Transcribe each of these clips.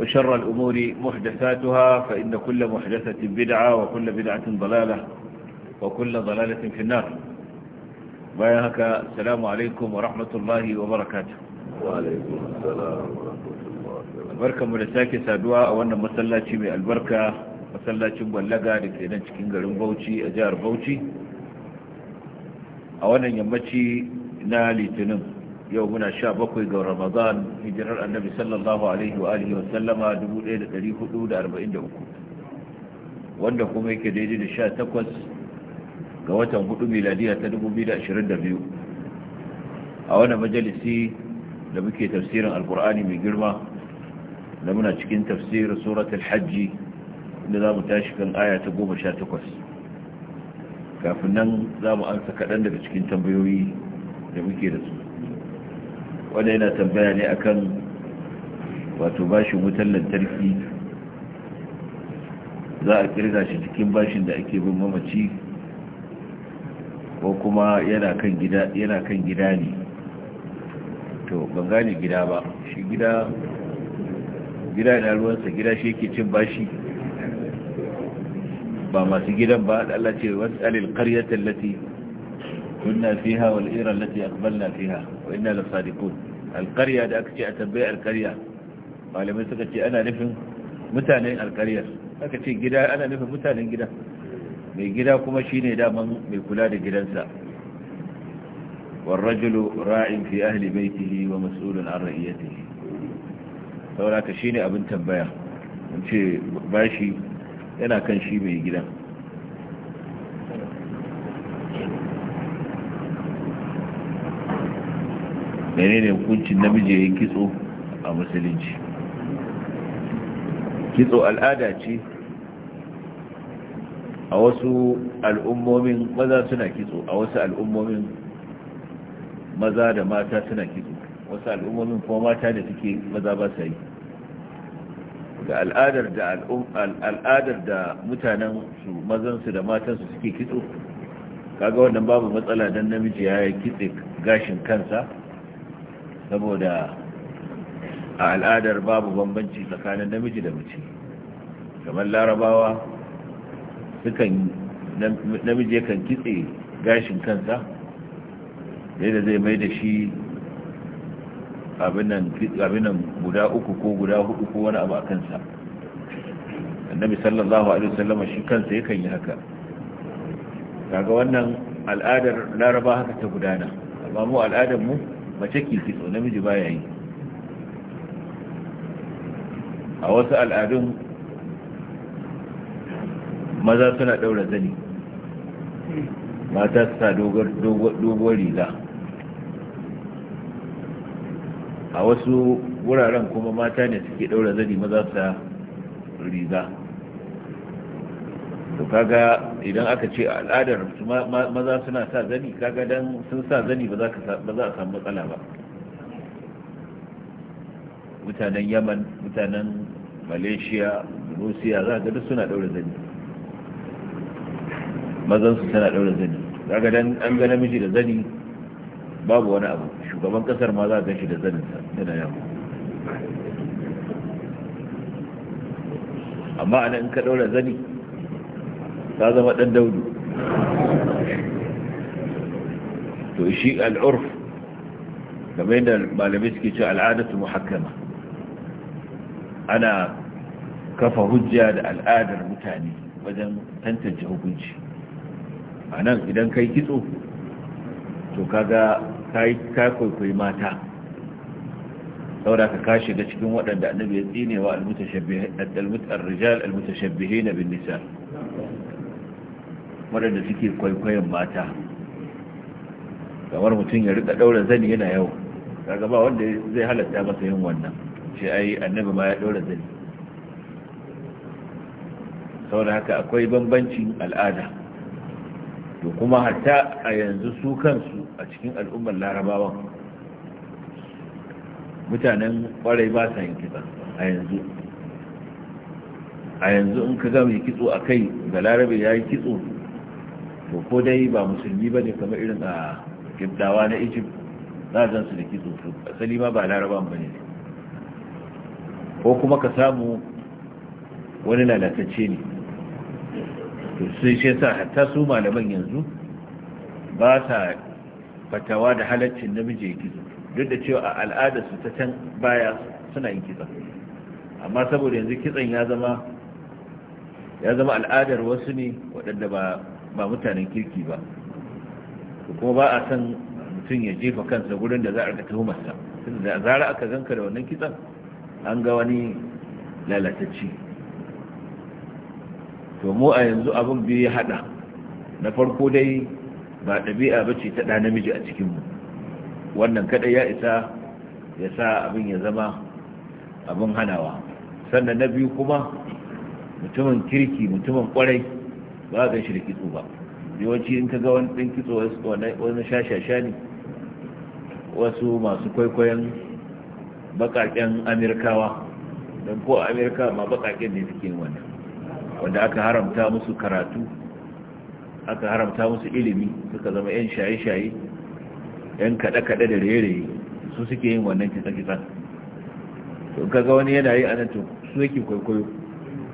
وشر الأمور محدثاتها فإن كل محدثة بدعة وكل بدعة ضلالة وكل ضلالة في النار بايهك السلام عليكم ورحمة الله وبركاته وعليكم السلام ورحمة الله وبركاته بركة ملساكي سادواء وانا مسلاتي من البركة مسلاتي مبلغة لكينا تكينغ بوشي أجار بوشي أولا يمتي نالي تنم yau muna sha bakwai ga ramadan hijirar annabi sallallahu alaihi wa alihi wa sallama 1443 wanda kuma yake daidai da sha takwas ga watan hudu miladiya ta 2022 a wani majalisi da muke tafsirin alkur'ani mai girma da muna cikin tafsirin surat hajji inda za mu tashi kan aya ta 18 kafin nan za mu ansa kaɗan daga cikin tambayoyi da muke da su wanda yana tambaya ne akan wato bashin wutar lantarki za a kirga shi cikin bashin da ake bin mamaci ko kuma yana kan gida ne to ban gane gida ba shi gida gida da ruwansa gida shi yake cin bashi ba masu gidan ba da Allah ce wasu alil qaryatan lati كنا فيها والإيرة التي أقبلنا فيها وإنا لصادقون القرية دا أكتي أتبيع القرية قال ما سكتي أنا نفهم متانين القرية أكتي جدا أنا نفهم متانين جدا mai gida kuma shine daman mai kula da gidansa warrajulu ra'in fi ahli baitihi wa mas'ulun an ra'iyatihi saboda ka shine abin tambaya mun ce bashi yana kan shi mai gida. menene hukuncin namiji ya yi kitso a musulunci kitso al'ada ce a wasu al'ummomin maza suna kitso a wasu al'ummomin maza da mata suna kitso wasu al'ummomin kuma mata da suke maza ba sai ga al'adar da mutanen su su da matansu suke kitso kaga wannan babu matsala don namiji ya yi kitse gashin kansa saboda a al'adar babu bambanci tsakanin namiji da mace kamar larabawa sukan namiji yakan kitse gashin kansa yadda zai mai da shi abinan guda uku ko guda hudu ko wani abu a kansa annabi sallallahu alaihi wasallama shi kansa yakan yi haka kaga wannan al'adar laraba haka ta gudana amma mu al'adar mu mace ke fito namiji baya yi a wasu al'adun maza suna daura zani mata suna sa riga a wasu wuraren kuma mata ne suke daura zani maza su sa riga to kaga idan aka ce al'adar maza suna sa zani kaga dan sun sa zani ba za a samu matsala ba mutanen yaman mutanen malaysia Russia, za ga duk suna daura zani mazansu suna daura zani kaga dan an ga namiji da zani babu wani abu shugaban kasar ma za a gashi da zaninsa yana yawa amma anan in ka daura zani ka zama ɗan daudu to shi al'urf game da malamai suke ce al'adatu muhakkama ana kafa hujja da al'adar mutane wajen tantance hukunci a nan idan kai kitso to kaga ka kwaikwayi mata Saura ka shiga cikin waɗanda annabi ya tsinewa al-mutashabbihin al-rijal al-mutashabbihin bin nisa waɗanda suke kwaikwayon mata kamar mutum ya rika ɗaura zani yana yau, kaga ba wanda zai halatta masa yin wannan ce ai annabi ma ya ɗaura zani saboda haka akwai bambancin al'ada to kuma hatta a yanzu su kansu a cikin al'ummar larabawan mutanen kwarai ba sa yin kitsa a yanzu a yanzu in ka ga mai kitso a kai da larabe ya yi kitso to ko dai ba musulmi ba ne kamar irin a gibdawa na egypt za a su da kitso asali ma ba laraban ba ne ko kuma ka samu wani lalatacce ne to sai shi sa hatta su malaman yanzu ba sa fatawa da halaccin namiji ya kitso duk da cewa a al'adar su ta can baya suna yin kitsa amma saboda yanzu kitsan ya zama ya zama al'adar wasu ne waɗanda ba ba mutanen kirki ba ko ba a san mutum ya jefa kansa gurin da za a ga tuhumarsa da zara aka ganka da wannan kitsan an ga wani lalatacci to mu a yanzu abin biyu ya hada na farko dai ba ɗabi'a ba ce ta ɗa namiji a cikinmu wannan kaɗai ya isa ya sa abin ya zama abin hanawa sannan na biyu kuma mutumin kirki mutumin kwarai ba a ganshi da kitso ba yawanci in ka ga wani ɗin kitso wani shashasha ne wasu masu kwaikwayon bakaken amirkawa don ko amirka ma bakaken ne suke wannan wanda aka haramta musu karatu aka haramta musu ilimi suka zama 'yan shaye-shaye 'yan kaɗe-kaɗe da rere su suke yin wannan kitsa-kitsa to ga wani yana yi anan to su yake kwaikwayo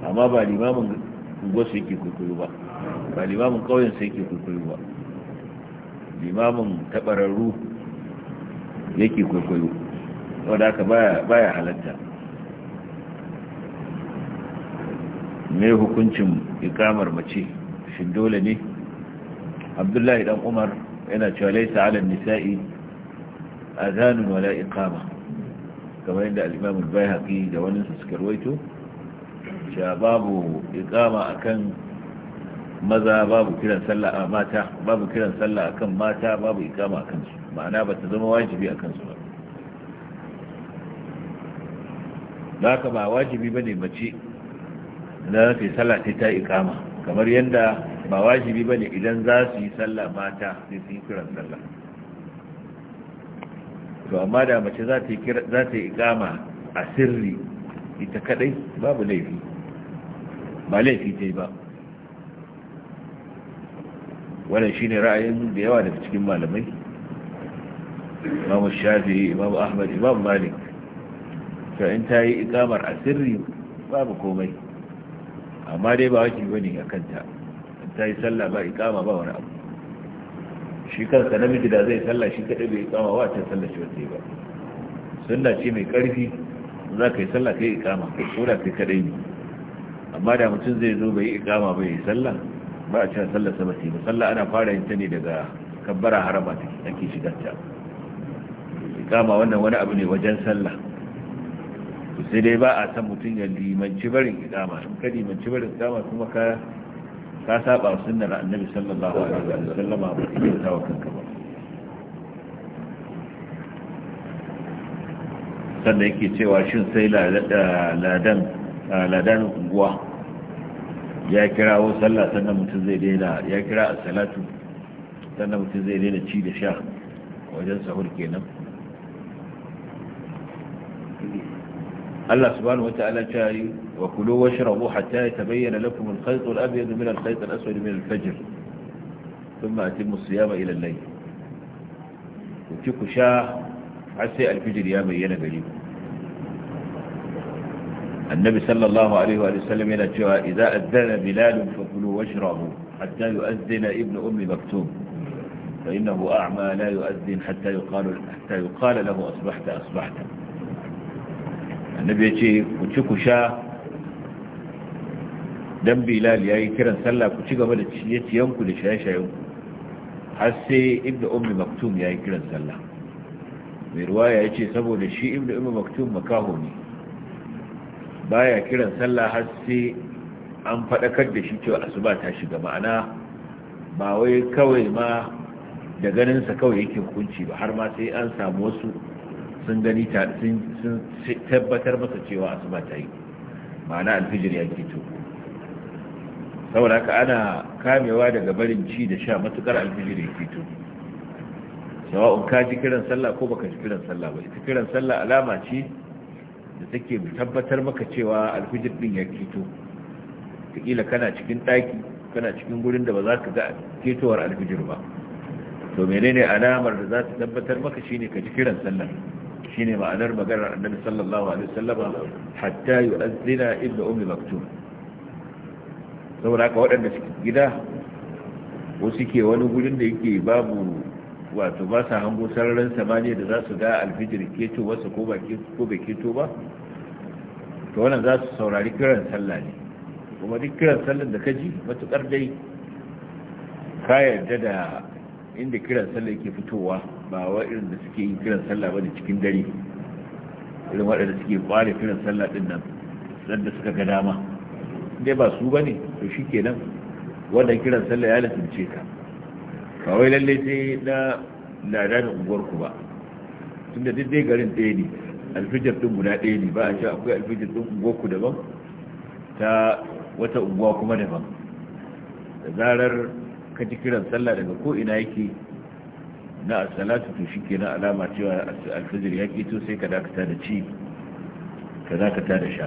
amma ba limamin gwasu yake kwaikwayo ba ba limamin ƙauyen sai ke kwaikwayo ba limamin taɓararru yake kwaikwayo wadda aka baya halatta mai hukuncin ikamar mace shi dole ne abdullahi dan umar yana cewa laisa ala nisa'i azanun wala iqama kamar yadda al-imam al bayhaqi da wani suka ruwaito cewa babu iqama akan maza babu kiran sallah a mata babu kiran sallah akan mata babu ikama akan su ma'ana ba ta zama wajibi akan su ba ba ka ba wajibi bane mace da za sallah sai ta ikama kamar yadda ba wajibi bane idan za su yi sallah mata sai su yi kiran sallah to amma da mace za ta yi za ta yi ikama a sirri ita kadai babu laifi ba laifi ta yi ba wannan shine ra'ayin da yawa daga cikin malamai Imam shafi'i Imam ahmad Imam malik to in ta yi ikamar asirri babu komai amma dai ba wajibi bane a kanta in ta yi sallah ba ikama ba wani abu shi kansa namiji da zai sallah shi kada bai ikama ba ta sallah shi wace ba sunna ce mai karfi za ka yi sallah kai ikama ko da kai kadai ne amma da mutum zai zo bai ikama bai yi sallah ba a cewa sallar sa ba sallar ana fara yin ta ne daga kabbara harama ake shigar ta kama wannan wani abu ne wajen sallah to sai dai ba a san mutum ya limanci barin ikama in ka limanci barin ikama kuma ka ka saba sunnar annabi sallallahu alaihi wa sallam ba ka kyauta wa kanka ba sannan yake cewa shin sai ladan ladan unguwa ya kirawo sallah sannan mutum zai daina ya kira a salatu sannan mutum zai daina ci da sha wajen sahur kenan Allah subhanahu wata'ala ta yi wa kulu wa shirabu hatta ya tabayyana lakum al-khayt al-abyad min al-khayt al-aswad min al-fajr thumma atimmu as-siyama ila al-layl ku ci ku sha har sai al-fajr ya bayyana gare ku النبي صلى الله عليه وآله وسلم إلى الجواء إذا أذن بلال فكلوا واشربوا حتى يؤذن ابن أم مكتوم فإنه أعمى لا يؤذن حتى يقال, حتى يقال له أصبحت أصبحت النبي يجي وشكو شا دم بلال يأي كرن سلا قبل كتك ملت يمك لشايشة يوم حسي ابن أم مكتوم يأي كرن سلا برواية يجي سبو لشي ابن أم مكتوم مكاهوني baya kiran sallah har sai an faɗakar da shi cewa asuba ta shiga ma'ana ba wai kawai ma da ganinsa kawai yake hukunci ba har ma sai an samu wasu sun gani sun tabbatar masa cewa asuba ta yi ma'ana alfijir ya fito saboda haka ana kamewa daga barin ci da sha matukar alfijir ya fito sawa'un ka ji kiran sallah ko baka ji kiran sallah ba kiran sallah alama ce da take tabbatar maka cewa alfijir din ya keto kila kana cikin daki kana cikin gurin da ba za ka ga ketowar alfijir ba to menene alamar da za ta tabbatar maka shine ka ji kiran sallah shine ma'anar maganar annabi sallallahu alaihi wasallam hatta yu'azzina ibnu ummi maktum saboda haka waɗanda suke gida wasu ke wani gurin da yake babu wato ba sa hango sararin samaniya da za su ga alfijir keto wasu ko bai keto ba to wannan za su saurari kiran sallah ne kuma duk kiran sallar da ka ji matuƙar dai ka yarda da inda kiran sallah ke fitowa ba wa irin da suke yin kiran sallah ba da cikin dare irin waɗanda suke kware kiran sallah ɗin nan da suka ga dama dai ba su ba ne to shi kenan wannan kiran sallah ya latince ka ba wai lalle sai na ladanin unguwarku ba tunda duk dai garin ɗaya ne alfijar ɗin guda ɗaya ne ba a ce akwai alfijar ɗin unguwarku daban ta wata unguwa kuma daban da zarar ka ji kiran sallah daga ko ina yake na asalatu to shi ke na alama cewa alfijir ya keto sai ka dakata da ci ka dakata da sha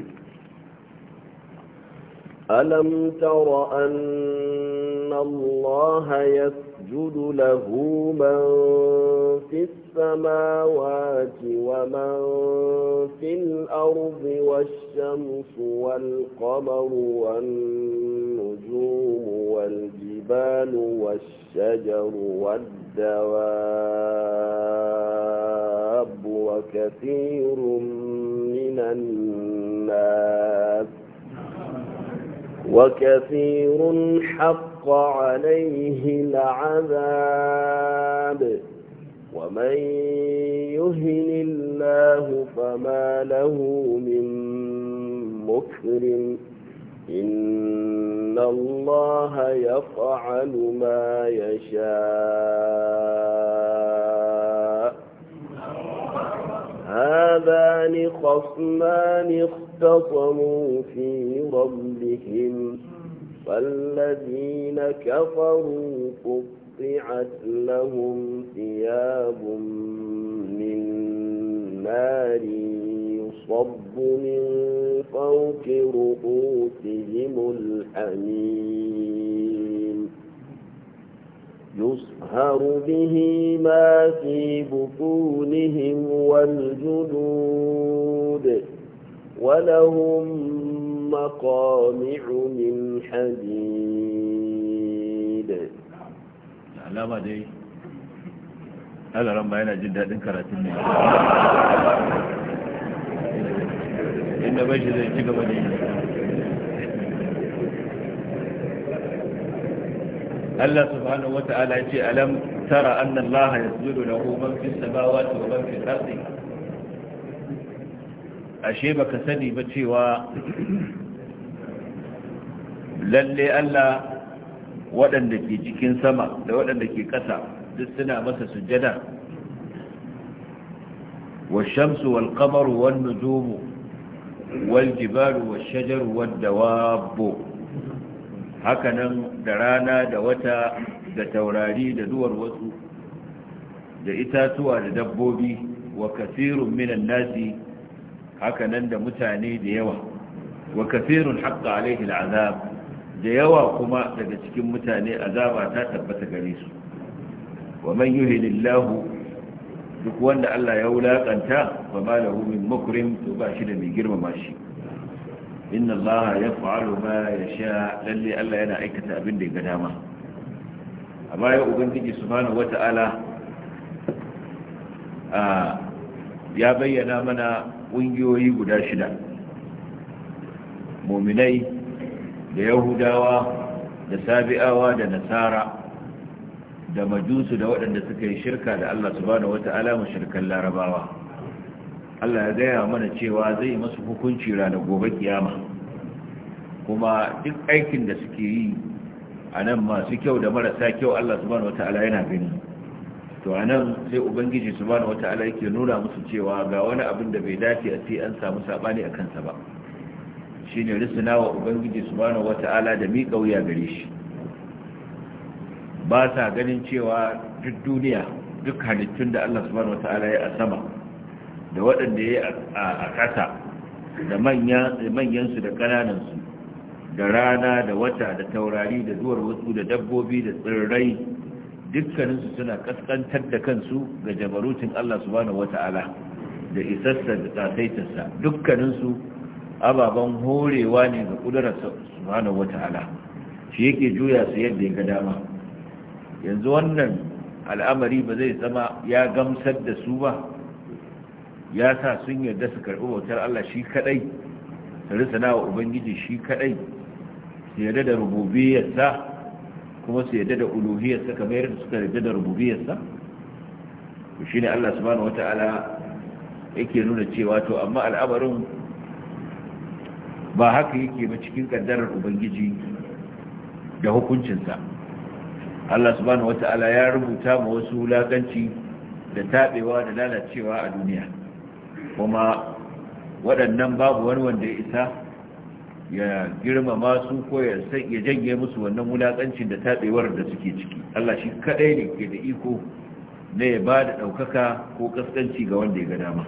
ألم تر أن الله يسجد له من في السماوات ومن في الأرض والشمس والقمر والنجوم والجبال والشجر والدواب وكثير من الناس وكثير حق عليه العذاب ومن يهن الله فما له من مكر إن الله يفعل ما يشاء هذان خصمان اختصموا في رب عليهم فالذين كفروا قطعت لهم ثياب من نار يصب من فوق رؤوسهم الحميم يصهر به ما في بطونهم والجلود ولهم مقامع من حديد alama dai alaran ba yana jin daɗin karatun ne inda bai shi zai ci gaba da yi Allah subhanahu wata'ala ce alam tara anna Allah yasjudu lahu man ashe baka sani ba cewa lalle Allah waɗanda ke cikin sama da waɗanda ke ƙasa suna masa sujada wa shamsu wal kamaru wal nujumu wal Haka nan, da rana da wata da taurari da duwar wasu da itatuwa da dabbobi wa kasirun minan nasi haka nan da mutane da yawa wa kafirun haqqa alaihi al'azab da yawa kuma daga cikin mutane azaba ta tabbata gare su wa man yuhilillahu duk wanda Allah ya wulaƙanta fa ma lahu min mukrim to ba shi da mai girmama shi inna Allah yaf'alu ma yasha lalle Allah yana aikata abin da ya dama a baya ubangiji subhanahu wata'ala ya bayyana mana ƙungiyoyi guda shida muminai da yahudawa da sabi'awa da nasara da majusu da waɗanda suka yi shirka da Allah subhanahu wata'ala shirkan larabawa Allah ya gaya mana cewa zai masu hukunci ranar gobe kiyama kuma duk aikin da suke yi a nan masu kyau da marasa kyau Allah subhanahu wata'ala yana gani to a nan sai ubangiji su bani wata ala yake nuna musu cewa ga wani abin da bai dace a ce an samu saɓani a kansa ba shine ne wa ubangiji su bani wata ala da miƙa wuya gare shi ba sa ganin cewa duk duniya duk halittun da allah su bani wata ala ya a sama da waɗanda ya a ƙasa da manyansu da ƙananansu da rana da wata da taurari da zuwar wasu da dabbobi da tsirrai dukkaninsu suna kaskantar da kansu ga jabarutin Allah subhanahu wata'ala da isassa da tasaitarsa dukkaninsu ababen horewa ne ga kudurar subhanahu wata'ala shi yake juya su yadda ya ga dama yanzu wannan al'amari ba zai zama ya gamsar da su ba ya sa sun yarda su karɓi bautar Allah shi kadai su risana wa ubangiji shi kaɗai? su yarda da rububiyarsa kuma su yadda da uluhiyarsa kamar yadda suka yadda da rububiyarsa shi ne Allah subhanahu wata'ala yake nuna cewa to amma al'amarin ba haka yake ba cikin kaddarar ubangiji da hukuncinsa Allah subhanahu wata'ala ya rubuta ma wasu wulakanci da tabewa da lalacewa a duniya kuma waɗannan babu wani wanda ya isa ya girmama su ko ya janye musu wannan wulakancin da taɓewar da suke ciki Allah shi kaɗai ne ke da iko na ya ba da ɗaukaka ko kaskanci ga wanda ya ga dama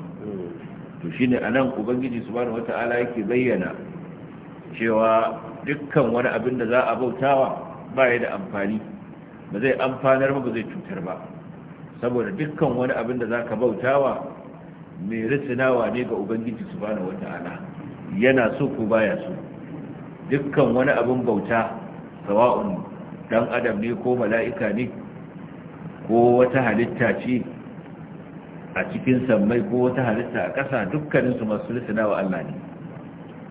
to shi ne a nan ubangiji subhanahu wata'ala yake bayyana cewa dukkan wani abin da za a bautawa ba ya da amfani ba zai amfanar ba ba zai cutar ba saboda dukkan wani abin da za ka bautawa mai risinawa ne ga ubangiji subhanahu wata'ala yana so ko baya so dukkan wani abin bauta sawa'un dan adam ne ko mala'ika ne ko wata halitta ce a cikin sammai ko wata halitta a ƙasa dukkanin su masu lissana wa Allah ne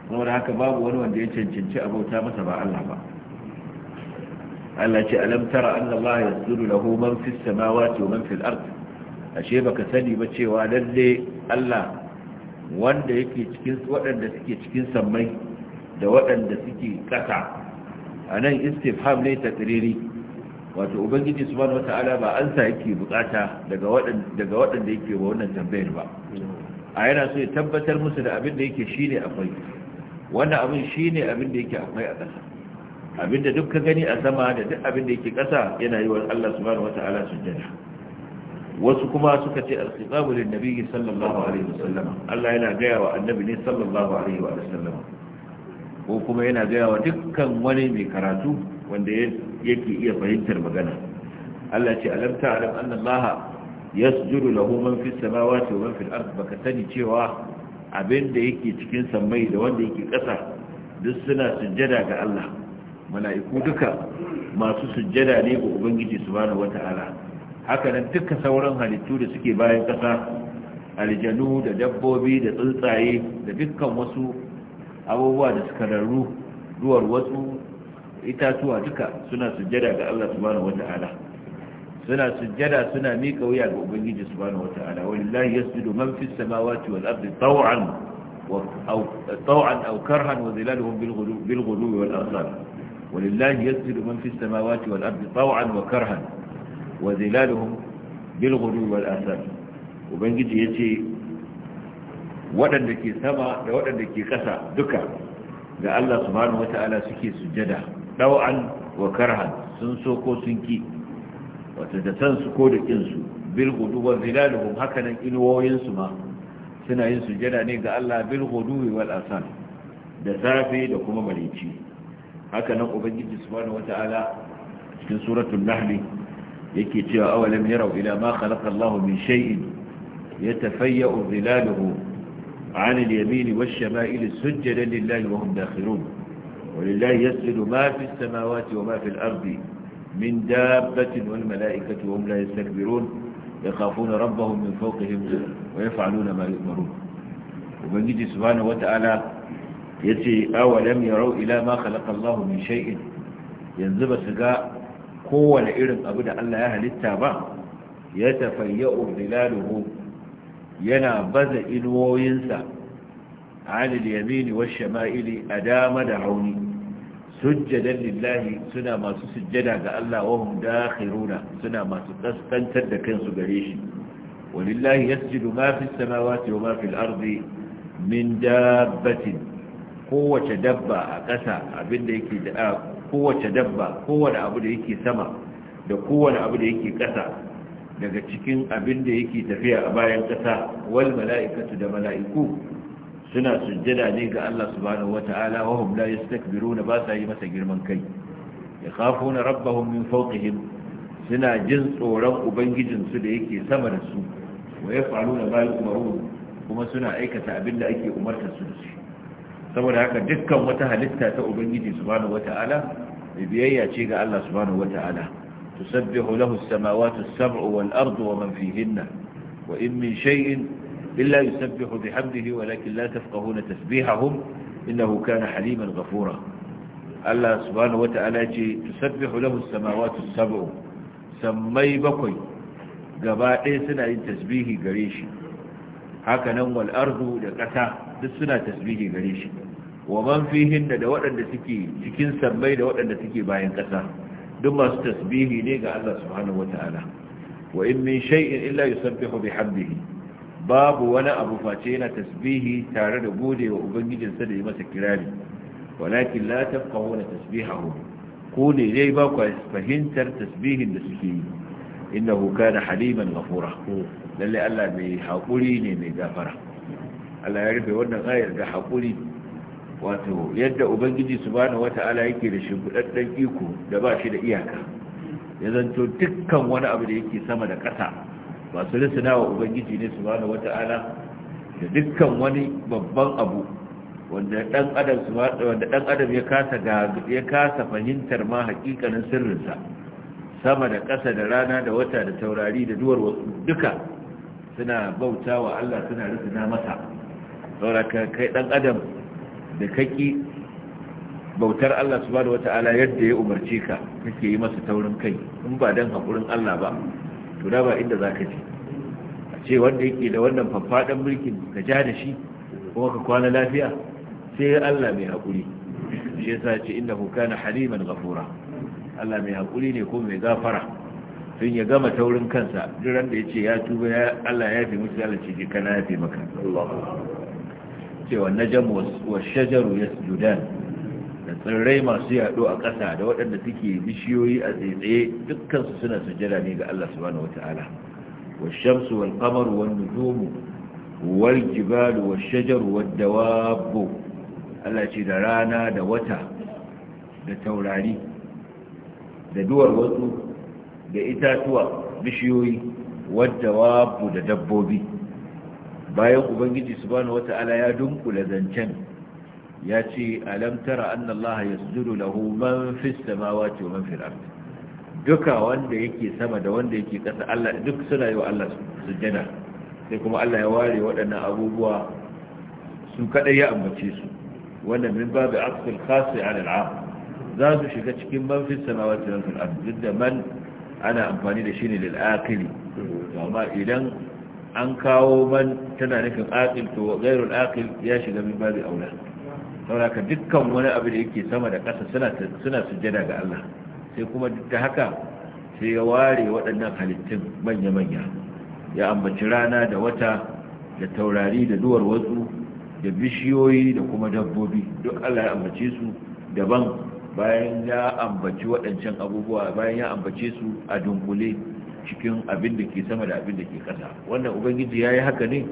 kuma da haka babu wani wanda ya cancanci a bauta masa ba Allah ba Allah ce alam tara anna Allah yasjudu lahu man fis samawati wa man fil ard ashe baka sani ba cewa lalle Allah wanda yake cikin waɗanda suke cikin sammai da waɗanda suke ƙasa a nan istifham ne ta tsiriri wato ubangiji su subhanahu wata'ala ba an sa yake bukata daga waɗanda yake wa wannan tambayar ba a yana so ya tabbatar musu da abin da yake ne akwai wannan abin ne abin da yake akwai a ƙasa Abinda duk ka gani a sama da duk abin da yake ƙasa yana yi wa Allah subhanahu wata'ala sujjada wasu kuma suka ce alkhitabu lin nabiyyi sallallahu alaihi wasallam Allah yana gaya wa annabi ne sallallahu alaihi wasallam ko kuma yana gaya wa dukkan wani mai karatu wanda yake iya fahimtar magana Allah ce alam ta'lam anna Allah yasjudu lahu man fi samawati wa man al ard baka sani cewa abinda yake cikin sammai da wanda yake ƙasa duk suna sujjada ga Allah mala'iku duka masu sujjada ne ga ubangiji subhanahu wata'ala haka nan duka sauran halittu da suke bayan ƙasa aljanu da dabbobi da tsuntsaye da dukkan wasu abubuwa da skararru duwar wasu itatuwa duka suna sujjada ga Allah subhanahu wata'ala suna sujjada suna miƙa wuya ga ubangiji subhanahu wata'ala walillahi yasjudu man fis samawati wal ardi taw'an wa taw'an aw karhan wa zilaluhum bil ghuluwi wal asal walillahi yasjudu man fis samawati wal ardi taw'an wa karhan wa zilaluhum bil ghuluwi wal asal ubangiji yace waɗanda ke sama da waɗanda ke ƙasa duka ga Allah subhanahu wata'ala suke sujjada ɗau'an wa karhan sun so ko sun ki wata da san su ko da kin su bil gudu wa zilaluhum hakanan inuwoyin su ma suna yin sujjada ne ga Allah bil gudu wal asal da safe da kuma marici hakanan ubangiji subhanahu wata'ala cikin suratul nahl yake cewa awalam yarau ila ma khalaqa Allah min shay'in yatafayyu zilaluhu عن اليمين والشمائل سجدا لله وهم داخلون ولله يسجد ما في السماوات وما في الأرض من دابة والملائكة وهم لا يستكبرون يخافون ربهم من فوقهم ويفعلون ما يؤمرون ومن يجي سبحانه وتعالى يتي أولم يروا إلى ما خلق الله من شيء ينزب سقاء قوة لإرم أبدا أن لا أهل التابع يتفيأ ظلاله yana baza inuwoyinsa anil yamini wasu shama'ili a dama da hauni sujjadan lillahi suna masu sujjada ga Allah wa dakhiruna suna masu ƙasƙantar da kansu gare shi walillahi ya ma fi samawati wa ma ba al min dabbatin kowace dabba a ƙasa abinda yake da kowace dabba kowane abu da yake sama da kowane abu da yake ƙasa daga cikin abin da yake tafiya a bayan ƙasa wal mala'ikatu da mala'iku suna sujjada ne ga Allah subhanahu wata'ala wa hum la yastakbiruna ba sa yi masa girman kai yakhafuna rabbahum min fawqihim suna jin tsoron ubangijin su da yake sama da su wa yaf'aluna ma yu'marun kuma suna aikata abin da ake umartar su da shi saboda haka dukkan wata halitta ta ubangiji subhanahu wata'ala biyayya ce ga Allah subhanahu wata'ala تسبح له السماوات السبع والأرض ومن فيهن وإن من شيء إلا يسبح بحمده ولكن لا تفقهون تسبيحهم إنه كان حليما غفورا الله سبحانه وتعالى تسبح له السماوات السبع سمي بقي قبائل سنة تسبيه قريش هكذا والأرض لقتا سنة تسبيه قريش ومن فيهن لوأن تكي تكين سمي لوأن تكي باين قتا duk masu tasbihi ne ga Allah subhanahu wata'ala wa in min shay'in illa yusabbihu bihamdihi babu wani abu face yana tasbihi tare da gode wa ubangijinsa da yi masa kirari walakin la tafqahuna tasbihahu ko ne dai ba ku fahimtar tasbihin da suke yi innahu kana haliman ghafura lalle Allah mai hakuri ne mai gafara Allah ya rufe wannan ayar da hakuri wato yadda ubangiji subhanahu wata'ala yake da shimfidaddan iko da ba shi da iyaka ya zanto dukkan wani abu da yake sama da ƙasa masu risina wa ubangiji ne subhanahu wata'ala da dukkan wani babban abu wanda dan adam wanda dan adam ya kasa ga ya kasa fahimtar ma hakikanin sirrinsa sama da ƙasa da rana da wata da taurari da duwar wasu duka suna bautawa Allah suna risina masa saboda kai dan adam da kaki bautar Allah subhanahu wata'ala yadda ya umarce ka kake yi masa taurin kai in ba dan hakurin Allah ba to da ba inda zaka je a ce wanda yake da wannan faffadan mulkin ka ja da shi kuma ka kwana lafiya sai Allah mai hakuri shi yasa ce innahu kana haliman ghafura Allah mai hakuri ne ko mai gafara tun ya gama taurin kansa duk randa da yace ya tuba ya Allah ya fi musu Allah ce kana ya fi maka Allah cewa najam wa shajaru ya sujudan da tsirrai masu yaɗo a ƙasa da waɗanda suke bishiyoyi a tsaye dukkansu suna sujada ne ga Allah subhanahu wa ta'ala wa shamsu wal qamaru wan nujumu wal jibalu wash shajaru wad dawabu Allah ce da rana da wata da taurari da duwar wasu da itatuwa bishiyoyi wadda wabu da dabbobi bayan ubangiji subhanahu wata'ala ya dunkula zancen ya ce alam tara anna Allah yasjudu lahu man fis samawati wa man fil ard duka wanda yake sama da wanda yake kasa Allah duk suna yi wa Allah sujjada sai kuma Allah ya ware waɗannan abubuwa su kadai ya ambace su wanda min babu aqsal khasi ala al'am za su shiga cikin man fis samawati wa man fil ard duk da man ana amfani da shi ne lil aqili amma idan an kawo man tana nufin aqil to ghairul aqil ya shiga min babu aula ka dukkan wani abu da yake sama da ƙasa suna suna sujjada ga Allah sai kuma duk da haka sai ya ware waɗannan halittun manya-manya ya ambaci rana da wata da taurari da duwar watsu da bishiyoyi da kuma dabbobi duk Allah ya ambace su daban bayan ya ambaci waɗancan abubuwa bayan ya ambace su a dunkule cikin abin da ke sama da abin da ke ƙasa wannan ubangiji ya yi haka ne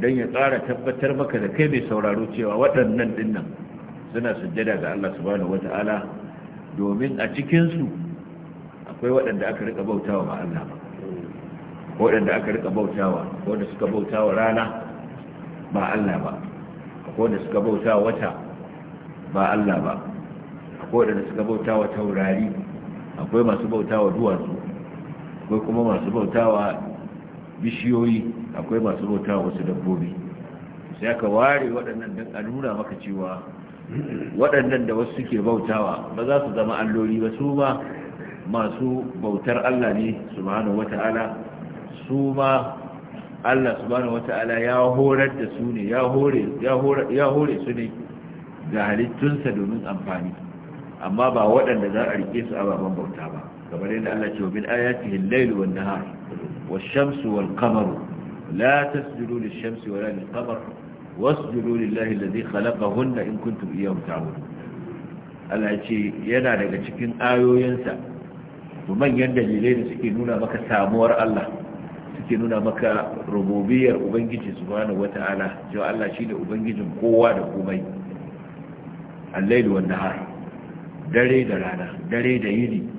don ya ƙara tabbatar maka da kai mai sauraro cewa waɗannan dinnan suna sujjada ga Allah subhanahu ta'ala domin a cikinsu akwai waɗanda aka rika bautawa ma Allah ba waɗanda aka rika bautawa wanda suka bautawa rana ba Allah ba akwai wanda suka bautawa wata ba Allah ba akwai wanda suka bautawa taurari akwai masu bautawa duwatsu akwai kuma masu bautawa bishiyoyi akwai masu bautawa wasu dabbobi sai aka ware waɗannan don a nuna maka cewa waɗannan da wasu suke bautawa ba za su zama alloli ba su ma masu bautar Allah ne subhanahu ta'ala su ma Allah subhanahu ta'ala ya horar da su ne ya hore su ne ga halittunsa domin amfani amma ba waɗanda za a rike su ababen bauta ba kamar yadda Allah ce wa min ayatihi al-layl wan nahar wash-shamsu wal-qamaru la tasjudu lish-shamsi wala lil-qamar wasjudu lillahi alladhi khalaqahunna in kuntum iyyahu ta'budun Allah ce yana daga cikin ayoyinsa manyan dalilai da suke nuna maka samuwar Allah suke nuna maka rububiyar ubangiji subhanahu wata'ala cewa Allah shine ubangijin kowa da komai al-layl wan nahar dare da rana dare da yini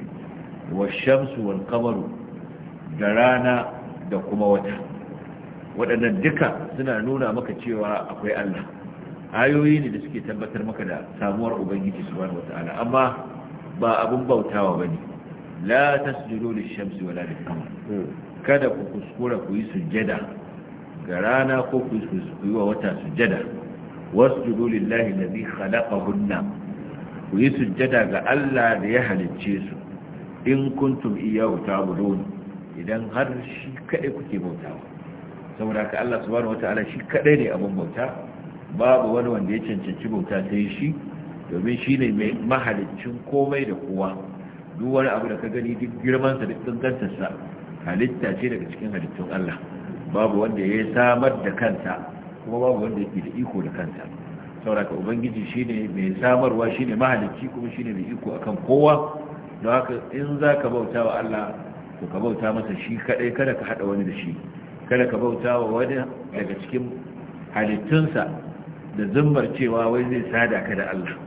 washamsu wal kamaru da rana da kuma wata waɗannan duka suna nuna maka cewa akwai Allah ayoyi ne da suke tabbatar maka da samuwar ubangiji subhanahu wata'ala amma ba abin bautawa bane la tasjudu lish Shamsu wala lil-qamar kada ku kuskura ku yi sujjada ga rana ko ku yi wa wata sujjada wasjudu lillahi allazi khalaqahunna ku yi sujjada ga Allah da ya halicce su in kuntum iyyahu ta'budun idan har shi kadai kuke bautawa saboda ka Allah subhanahu wataala shi kadai ne abun bauta babu wani wanda ya cancanci bauta sai shi domin shi ne mai mahalicin komai da kowa duk wani abu da ka gani duk girmansa da sa halitta ce daga cikin halittun Allah babu wanda ya samar da kansa kuma babu wanda yake da iko da kansa ka ubangiji shi ne mai samarwa shi ne mahalicci kuma shi ne mai iko akan kowa don haka in za ka bauta wa Allah to ka bauta masa shi kadai kada ka hada wani da shi kada ka bauta wa wani daga cikin halittunsa da zumbar cewa wai zai sada ka da Allah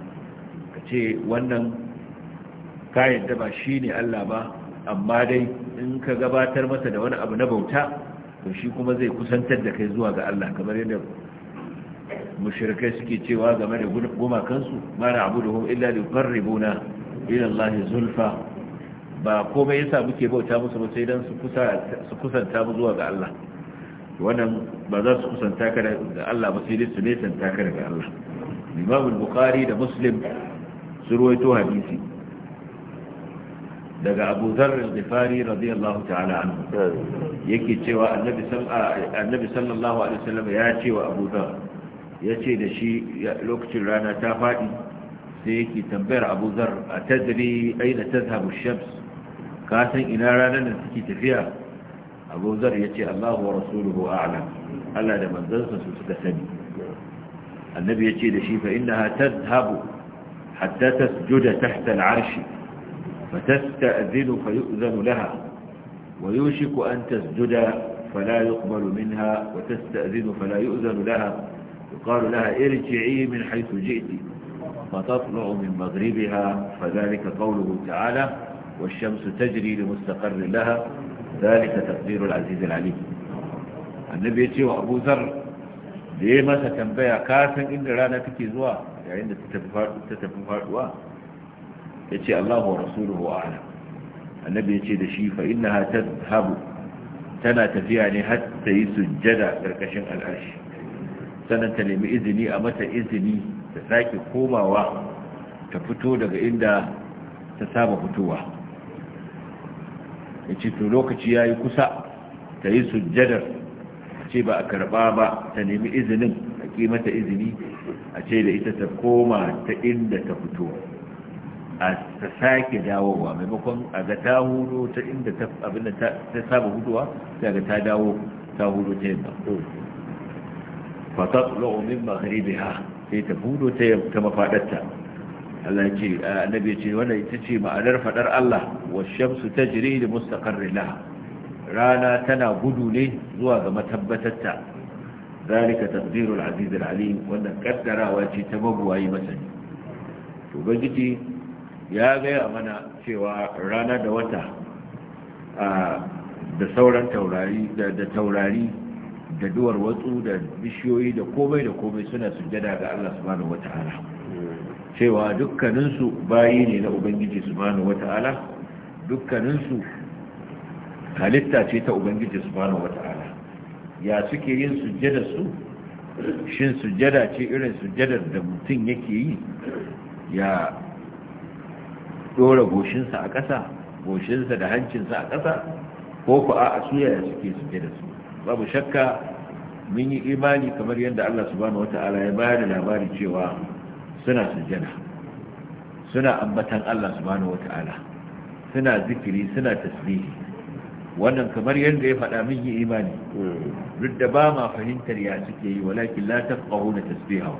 ka ce wannan kayan da ba shi ne Allah ba amma dai in ka gabatar masa da wani abu na bauta to shi kuma zai kusantar da kai zuwa ga Allah kamar yadda mushrikai suke cewa game da gumakansu mara abu da illa li ribuna. ila Allah zulfa ba komai yasa muke bauta musu ba sai dan su kusanta mu zuwa ga Allah ba za su kusanta ka da Allah ba sai dai su nesanta ka daga Allah Imam al-Bukhari da Muslim su ruwaito hadisi daga Abu Dharr al-Ghifari radiyallahu cewa Annabi sallallahu alaihi ya yace da shi lokacin rana ta fadi سيكي تنبير أبو ذر أتدري أين تذهب الشمس كاسن إلى رانان سيكي تفيا أبو ذر يتي الله ورسوله أعلم ألا لمن ذنس ستسني النبي يتي لشي فإنها تذهب حتى تسجد تحت العرش فتستأذن فيؤذن لها ويوشك أن تسجد فلا يقبل منها وتستأذن فلا يؤذن لها يقال لها ارجعي من حيث جئتي فتطلع من مغربها فذلك قوله تعالى والشمس تجري لمستقر لها ذلك تقدير العزيز العليم النبي يتي وابو ذر ديما ستنبيع كاسا إن رانا تكي زوا عند يعني تتفادوا يتي الله ورسوله أعلم النبي يتي دشي فإنها تذهب تنا تفيعني حتى يسجد تركشن سنة لم إذني أمت إذني ta sake komawa ta fito daga inda ta saba fitowa ya ce to lokaci ya yi kusa ta yi sujjadar ce ba a karba ba ta nemi izinin a kimata izini a ce da ita ta koma ta inda ta fito a ta sake dawowa maimakon a ga ta hudu ta inda abinda ta saba hudowa ta ga ta dawo ta hudu ta yadda hmm. fatat lo'omin magharibi ha sai ta ta mafadarta Allah ya ce annabi ce wanda ita ce ma'anar fadar Allah wa shamsu tajri li mustaqarrin laha rana tana gudu ne zuwa ga matabbatarta zalika taqdirul aziz alim wannan kaddarawa ce ta mabuwayi masani to bangiji ya gaya mana cewa rana da wata da sauran taurari da taurari da duwar watsu da bishiyoyi da komai da komai suna sujjada ga Allah subhanahu wata'ala cewa dukkaninsu bayi ne na ubangiji subhanahu wata'ala dukkaninsu halitta ce ta ubangiji subhanahu wata'ala ya suke yin sujjada su shin sujjada ce irin sujjadar da mutum yake yi ya dora goshinsa a ƙasa goshinsa da hancinsa a ƙasa ko ku a asuya suke sujjada su babu shakka mun yi imani kamar yadda Allah subhanahu wata'ala ya bayar da labari cewa suna sujjada suna ambatan Allah subhanahu wata'ala suna zikiri suna tasbihi wannan kamar yadda ya faɗa mun yi imani duk da ba ma fahimtar ya suke yi walakin la tafqahuna tasbihahu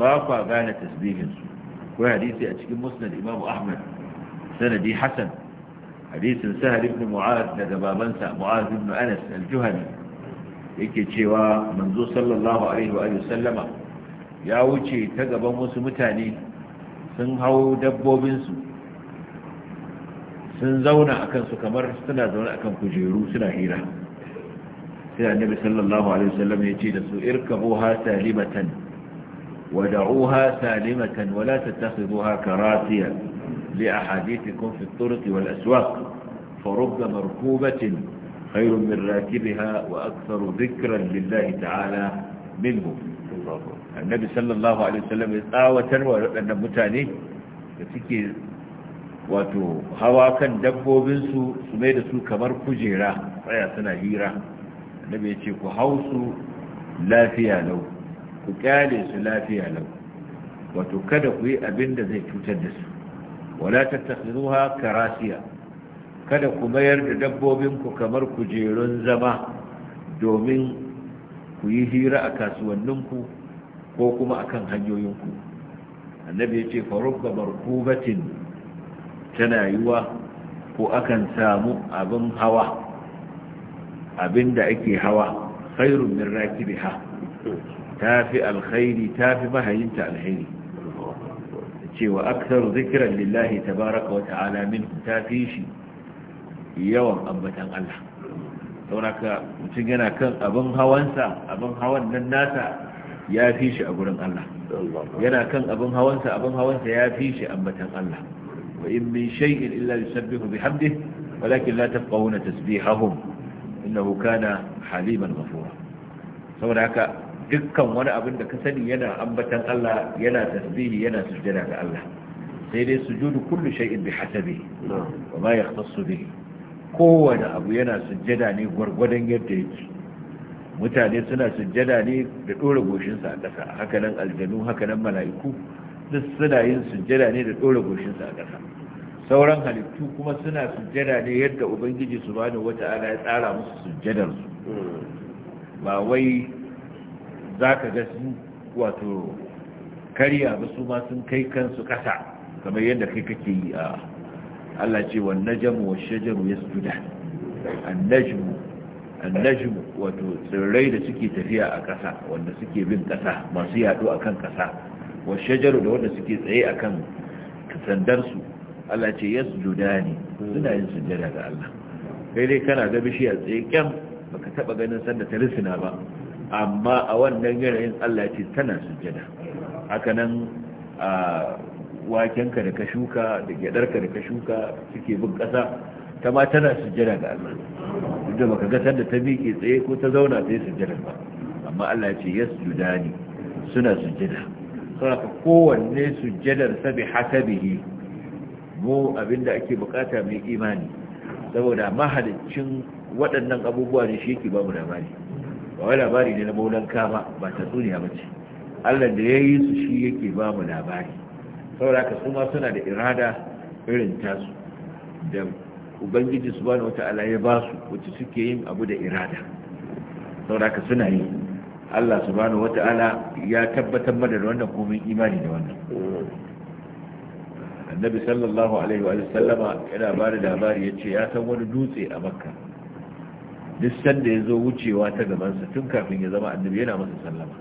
ba kwa gane tasbihin su ko hadisi a cikin musnad imamu Ahmad sanadi Hassan hadisin sahal ibn mu'ad daga babansa mu'az ibn anas al-juhani yake cewa manzo sallallahu alaihi wa sallama ya wuce ta gaban wasu mutane sun hau dabbobinsu sun zauna a kansu kamar na zaune a kan kujeru na hira sai annabi sallallahu alaihi wasallam ya ce da su irkabuha salimatan wada'uha salimatan wala tattakhiduha لأحاديثكم في الطرق والأسواق فرب مركوبة خير من راكبها وأكثر ذكرا لله تعالى منه النبي صلى الله عليه وسلم آوة وأن متاني فسكي wato hawa kan dabbobinsu su mai da su kamar kujera tsaya suna hira annabi ya ce ku su lafiya lau ku kyale su lafiya lau wato kada ku yi abin da zai cutar da su wala tattakhiruha karasiya kada ku mayar da dabbobinku kamar kujerun zama domin ku yi hira a kasuwanninku ko kuma akan hanyoyinku annabi ya ce farubba markubatin tana yiwa ko akan samu abin hawa abin da ake hawa khairun min rakibiha tafi alkhairi tafi mahayinta alkhairi cewa aksaru zikiran lillahi tabaraka wa ta'ala min ta fi shi yawan ambatan Allah sauraka mutum yana kan abin hawansa abin hawan nan nasa ya fi shi a gurin Allah yana kan abin hawansa abin hawansa ya fi shi ambatan Allah wa in min shay'in illa yusabbihu bihamdihi walakin la tafqahuna tasbihahum innahu kana haliman ghafura saboda haka dukkan wani abin da ka sani yana ambatan Allah yana tasbihi yana sujjada ga Allah sai dai sujudu kullu shay'in bi hasabi wa ma yahtassu bi kowane abu yana sujjada ne gwargwadon yadda yake mutane suna sujjada ne da ɗora sa a ƙasa hakanan aljanu hakanan mala'iku duk suna yin sujjada ne da ɗora goshin a ƙasa sauran halittu kuma suna sujjada ne yadda ubangiji su wata'ala ya tsara musu su. ba wai za ka ga su wato karya ba su ma sun kai kansu kasa kamar yadda kai kake yi a Allah ce wa najamu wa shajaru ya sujuda annajmu annajmu wato tsirrai da suke tafiya a ƙasa wanda suke bin ƙasa masu yaɗo a kan ƙasa wa shajaru da wanda suke tsaye a kan sandarsu Allah ce ya sujuda ne suna yin sujada ga Allah kai dai kana ga bishiya tsaye Ba baka taɓa ganin sanda ta risina ba amma a wannan yanayin Allah ce tana sujjada hakanan a wakenka da ka shuka da gyadarka da ka shuka suke bin ƙasa ta ma tana sujjada ga Allah inda baka ga sanda ta miƙe tsaye ko ta zauna sai sujjada ba amma Allah ce yasjudani suna sujjada saboda kowanne sujjadar sabi hasabihi mu abinda ake bukata mai imani saboda mahaliccin waɗannan abubuwa ne shi ke ba mu ba wai labari ne na maulan kama ba ta tsuniya ba ce allah da ya yi su shi yake ba mu labari saboda su ma suna da irada irin tasu da ubangiji su bani wata ala ya ba su wacce suke yin abu da irada saboda suna yi allah su bani wata ala ya tabbatar mana da wannan komin imani da wannan annabi sallallahu alaihi wa sallama yana ba da labari ya ce ya san wani dutse a makka duk sanda ya zo wucewa ta gabansa tun kafin ya zama annabi yana masa sallama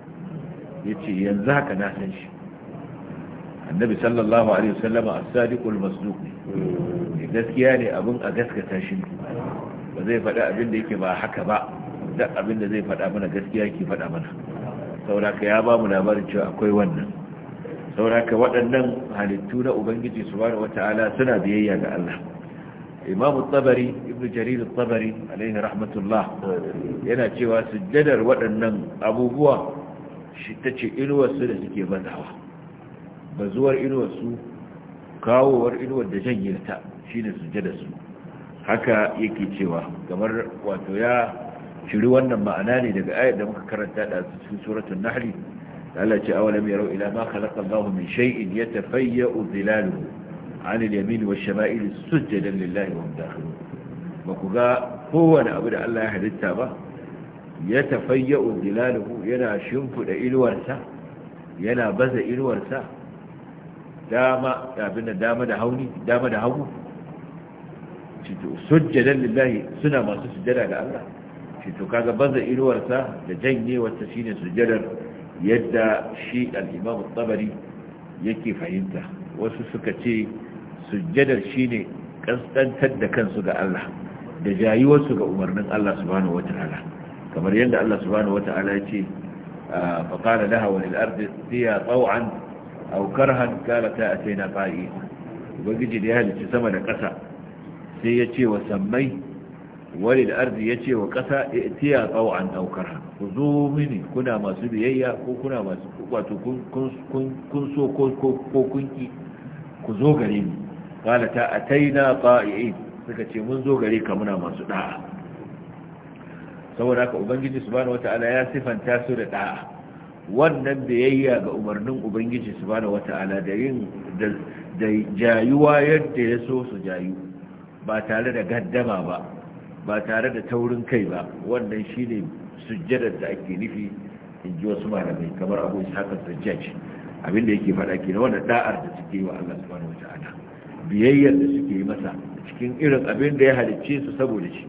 ya ce yanzu haka na san shi annabi sallallahu alaihi wasallama as-sadiqul masduq ne gaskiya ne abin a gaskata shi ba zai faɗa abin da yake ba haka ba duk abin da zai faɗa mana gaskiya yake faɗa mana sauraka ya ba mu labarin cewa akwai wannan ka waɗannan halittu na ubangiji subhanahu wataala suna biyayya ga Allah imamu tabari ibnu jarir tabari alaihi rahmatullah yana cewa sujjadar waɗannan abubuwa shi ta ce inuwarsu da suke bazawa bazuwar inuwarsu kawowar inuwar da janyarta shi ne sujjadarsu haka yake cewa kamar wato ya shiri wannan ma'ana ne daga ayat da muka karanta da cikin suratul nahli Allah ce awalam yarau ila ma khalaqa Allahu min shay'in yatafayya'u zilaluhu wa اليمين والشمائل سجدا لله وهم داخلون وكذا هو أبو الله أهل التابة يتفيأ ظلاله ينا شنفد إلورسا ينا بز إلورسا dama abin dama da hauni dama da hagu sujjadan lillahi suna masu sujjada ga Allah shi to kaga baza irwarsa da janye wata shine sujjadar yadda shi al-Imam tabari yake fahimta wasu suka ce sujjadar ne kaskantar da kansu ga Allah da jayuwarsu ga umarnin Allah subhanahu ta'ala kamar yadda Allah subhanahu wa ya ce ah, fa qala laha wa lil ardi tiya taw'an aw karhan ta ataina qa'i ubangiji da ya halicci sama da ƙasa sai ya ce wa sammai wa lil ardi ya ce wa ƙasa tiya taw'an aw karhan ku zo mini kuna masu biyayya ko kuna masu wato kun kun kun so ko ko kun ki ku zo gare ni qalata ataina qa'iin suka ce mun zo gare ka muna masu da'a saboda haka ubangiji subhanahu wataala ya sifanta su da da'a wannan da biyayya ga umarnin ubangiji subhanahu wataala da yin da jayuwa yadda ya so su jayu ba tare da gaddama ba ba tare da taurin kai ba wannan shine sujjadar da ake nufi in ji wasu malamai kamar abu ishaq sajjaj abinda yake faɗa na wannan da'ar da suke wa Allah subhanahu wataala biyayyar da suke yi masa cikin irin abin da ya halicce su saboda shi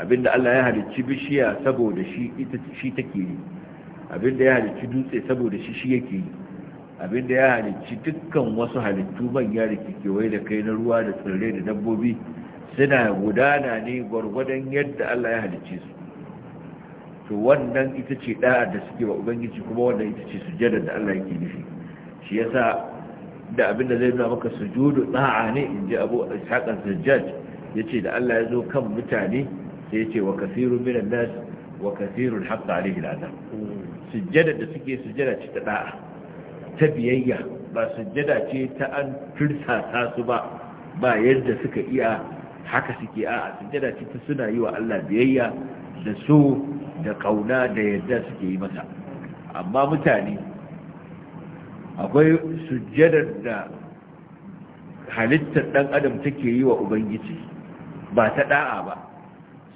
abin da Allah ya halicci bishiya saboda shi ita shi take yi abin da ya halicci dutse saboda shi shi yake yi abin da ya halicci dukkan wasu halittu manya da ke kewaye da kai na ruwa da tsirrai da dabbobi suna gudana ne gwargwadon yadda Allah ya halicce su to wannan ita ce da'ar da suke wa ubangiji kuma wannan ita ce sujjada da Allah yake nufi shi yasa da abin da zai nuna maka sujudu da'a ne in ji abu ishaq az-zajjaj yace da Allah ya zo kan mutane sai ce wa kathirun minan nas wa kathirun haqqa alayhi sujjada da suke sujjada ce ta da'a ta biyayya ba sujjada ce ta an tursasa su ba ba yadda suka iya haka suke a sujjada ce ta suna yi wa Allah biyayya da su da kauna da yadda suke yi masa amma mutane akwai sujjadar da halittar ɗan adam take yi wa ubangiji ba ta ɗa'a ba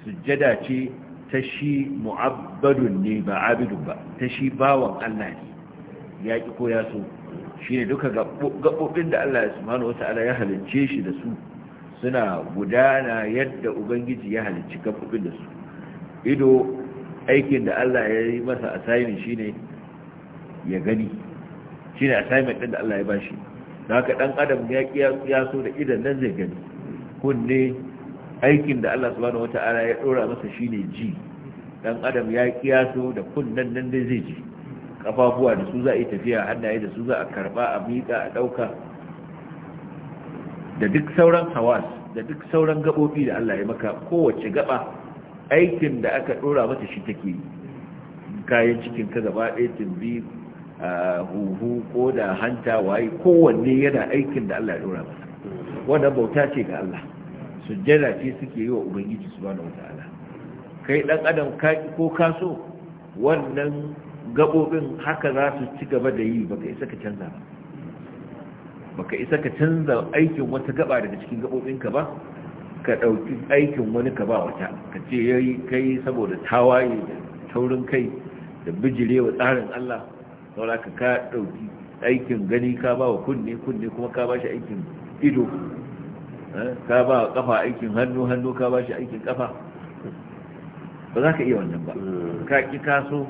sujjada ce ta shi mu'abbadun ne ba abidun ba ta shi bawan Allah ne ya ƙi ko ya so shi ne duka gaɓoɓin da Allah ya subhanahu wa ta'ala ya halicce shi da su suna gudana yadda ubangiji ya halince gaɓoɓin da su ido aikin da Allah ya yi masa asayin shi ne ya gani shine assignment ɗin da Allah ya bashi da haka dan adam ya kiyaso da idan nan zai gani kunne aikin da Allah subhanahu wataala ya dora masa shine ji dan adam ya kiyaso da kunnen nan dai zai ji kafafuwa da su za a yi tafiya hannaye da su za a karba a miƙa a ɗauka da duk sauran hawas da duk sauran gaɓoɓi da Allah ya maka kowace gaɓa aikin da aka ɗora mata shi take kayan cikin ka gaba ɗaya tumbi huhu ko da hanta waye kowanne yana aikin da Allah ya dora masa wannan bauta ce ga Allah sujjada ce suke yi wa ubangiji subhanahu wataala kai dan adam ka ko ka so wannan gabobin haka za su ci gaba da yi baka isa ka canza ba baka isa ka canza aikin wata gaba daga cikin ka ba ka ɗauki aikin wani ka ba wata ka ce yayi kai saboda tawaye da taurin kai da bijirewa tsarin Allah saboda ka ɗauki aikin gani ka ba wa kunne kunne kuma ka ba shi aikin ido eh, ka ba wa kafa aikin hannu hannu ka ba shi aikin kafa ba za ka iya wannan ba mm. ka ƙi kaso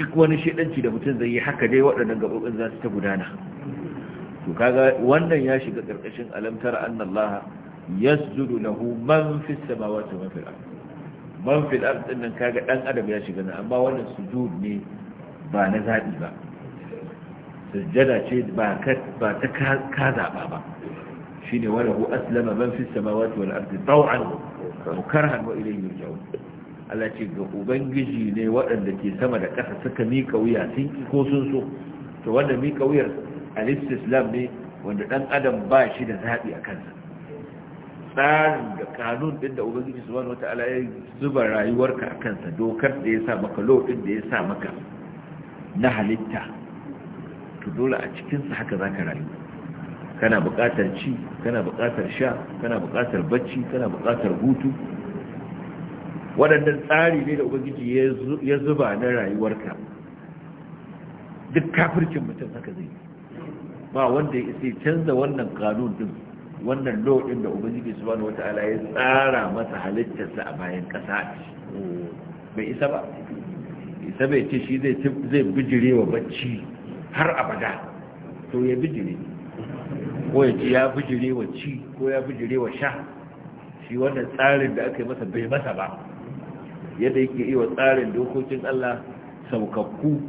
duk wani shidanci da mutum zai yi haka dai waɗannan gaɓoɓin za su ta gudana to kaga wannan ya shiga ƙarƙashin alamtar annallaha yasjudu lahu man fis samawati wa fil ard man fil ard din kaga dan adam ya shiga nan amma wannan sujud ne ba na zaɓi ba sujjada ce ba ta ka zaɓa ba shi ne wani hu aslama ban fi samawati wal ardi taw'an wa hannu wa ilayhi yurja'un Allah ce ga ubangiji ne waɗanda ke sama da ƙasa suka mika wuya sun ko sun so to wanda mika wuyar al-istislam ne wanda ɗan adam ba shi da zaɓi a kansa tsarin da kanun ɗin da ubangiji su wata ala ya zuba rayuwarka a kansa dokar da ya sa maka lo ɗin da ya sa maka na halitta to dole a cikinsa haka za ka rayu kana buƙatar ci kana buƙatar sha kana buƙatar bacci kana buƙatar hutu waɗannan tsari ne da ubangiji ya zuba na rayuwarka duk kafircin mutum haka zai ba wanda ya sai canza wannan kanun din wannan lo'in da ubangiji subhanahu wata'ala ya tsara masa halittarsa a bayan ƙasa bai isa ba ta bai ce shi zai bijire wa bacci har abada to ya bijire ko ya ce ya bijire wa ci ko ya bijire wa sha shi wannan tsarin da aka yi masa bai masa ba yadda yake yi wa tsarin dokokin Allah saukakku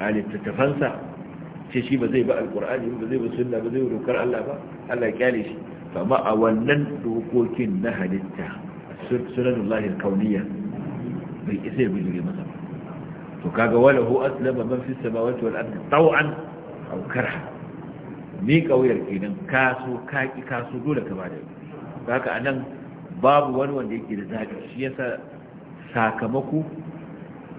a littattafansa ce shi ba zai ba alkur'ani ba zai ba sunna ba zai ba dokar Allah ba Allah ya kyale shi amma a wannan dokokin na halitta sunanullahi kauniya bai isa ya bijire masa ba to kaga wala hu aslama man fi samawati wal ardi taw'an aw karha ni kauyar kenan kaso ka kaso dole ka bada haka anan babu wani wanda yake da zaka shi yasa sakamako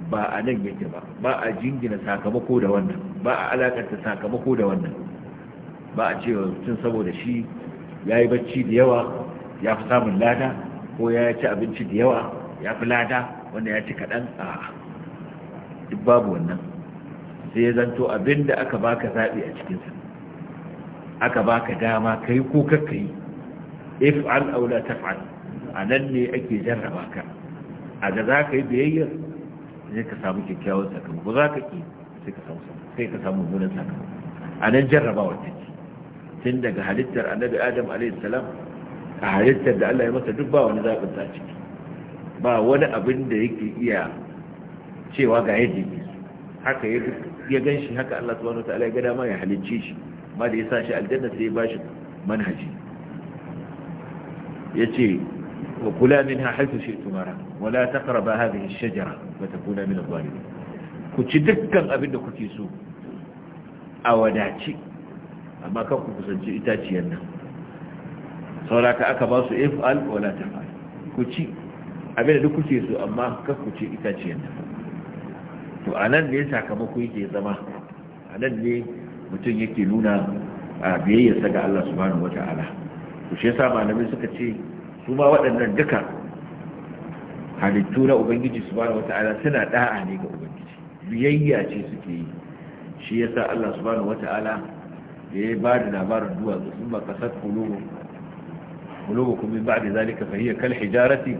ba a nan yake ba ba a jingina sakamako da wannan ba a alakanta sakamako da wannan ba a cewa mutum saboda shi ya yi bacci da yawa ya fi samun lada ko ya ci abinci da yawa ya fi lada wanda ya ci kaɗan a duk babu wannan sai ya zanto abin da aka baka zaɓi a cikinsa aka baka dama ka yi ko kakka yi if an aula fa'al a nan ne ake jarraba ka a ga za ka yi biyayyar sai ka samu kyakkyawan sakamako za ka ƙi sai ka samu gunan sakamako a nan jarrabawar ta ce tun daga halittar annabi adam a.s. a halittar da allah ya masa duk ba wani zaɓin ta ciki ba wani abin da yake iya cewa ga yadda yake haka ya gan shi haka Allah subhanahu wa ta'ala ya ga dama ya halicci shi ba da ya sa shi aljanna sai ya ba shi manhaji ya ce wa kula min ha haifu shi tumara wala ba ha hadin shajara ba ta kula min abuwa ku ci dukkan abin da kuke so a wadaci amma kan ku kusanci itaciyar nan sauraka aka ba su if'al wala ta ku ci abin da duk kuke so amma kakku ce itaciyar to a nan ne sakamako yake zama a nan ne mutum yake nuna a biyayyarsa ga Allah subhanahu wa ta'ala to shi yasa malami suka ce su ma waɗannan duka halittu na ubangiji subhanahu wa ta'ala suna da'a ne ga ubangiji biyayya ce suke yi shi yasa Allah subhanahu wa ta'ala da ya ba da labarin duwatsu sun ba kasar kulubu kulubu kuma ba da zalika fahiyar kal hijarati